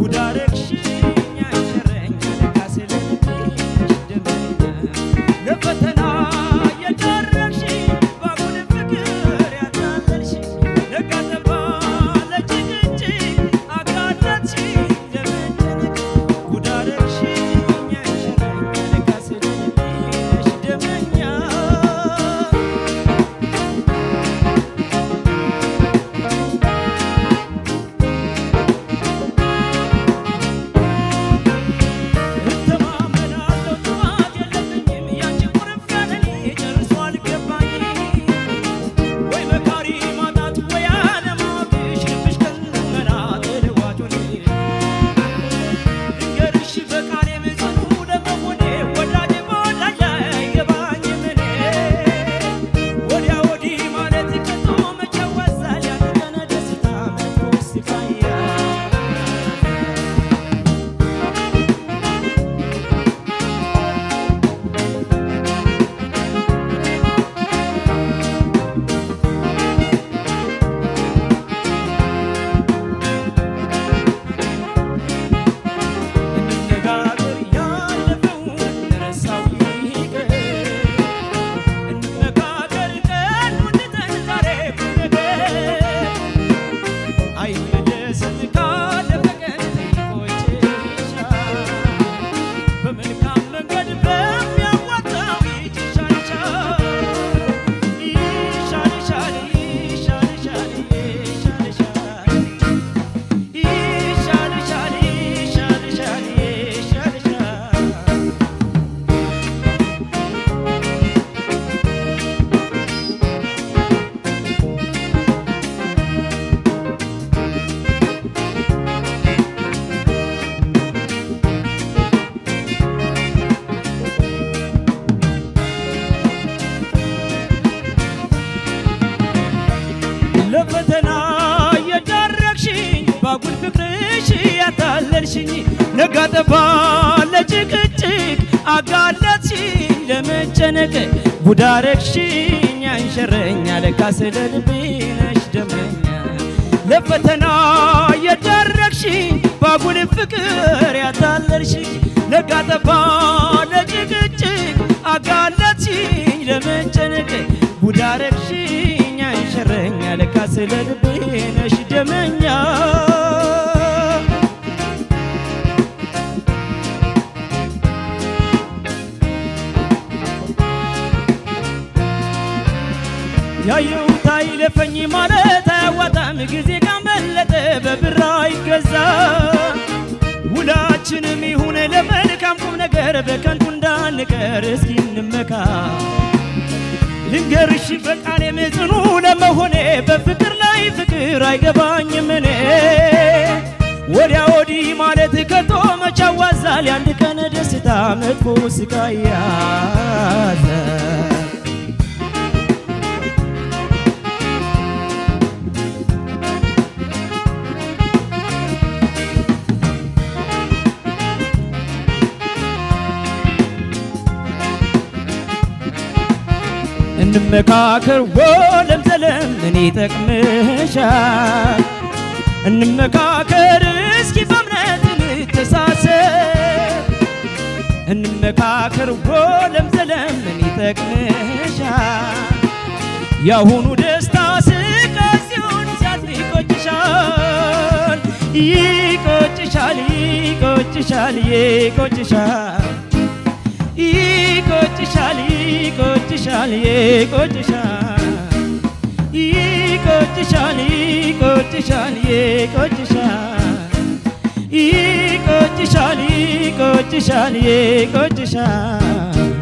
good direction. አጋጠባ ለጭቅጭቅ አጋለጥሽኝ ለመጨነቅ ጉዳረግሽኝ አንሸረኛ ለካ ስለልቤ ነሽ ደመኛ ለፈተና የዳረግሽኝ ባጉል ፍቅር ያታለልሽኝ ለጋጠባ ለጭቅጭቅ አጋለጥሽኝ ለመጨነቅ ጉዳረግሽኝ አንሸረኛ ለካ ስለልቤ ነሽ ደመኛ ያየሁት አይለፈኝ ማለት አያዋጣም ጊዜ ካመለጠ በብር አይገዛ። ውላችንም ይሁን ለመልካም ቁም ነገር በከንቱ እንዳንቀር እስኪ እንመካ። ልንገርሽ በቃሌ ምጽኑ ለመሆኔ በፍቅር ላይ ፍቅር አይገባኝም እኔ ወዲያ ወዲህ ማለት ከቶ መቻዋዛል የአንድ ቀን ደስታ መጥፎ ስቃይ እንመካከር ለምለም ምን ይጠቅምሻል? እንመካከር እስኪ በእምነት እንተሳሰብ እንመካከር ለምለም ምን ይጠቅምሻል? ያሁኑ ደስታ ስቃት ሲሆን ሲያት ይቆጭሻል ይቆጭሻል ይቆጭሻል ይቆጭሻል ይቆጭሻል ይቆጭሻል ይቆጭሻል ይቆጭሻል ይቆጭሻል ይቆጭሻል ይቆጭሻል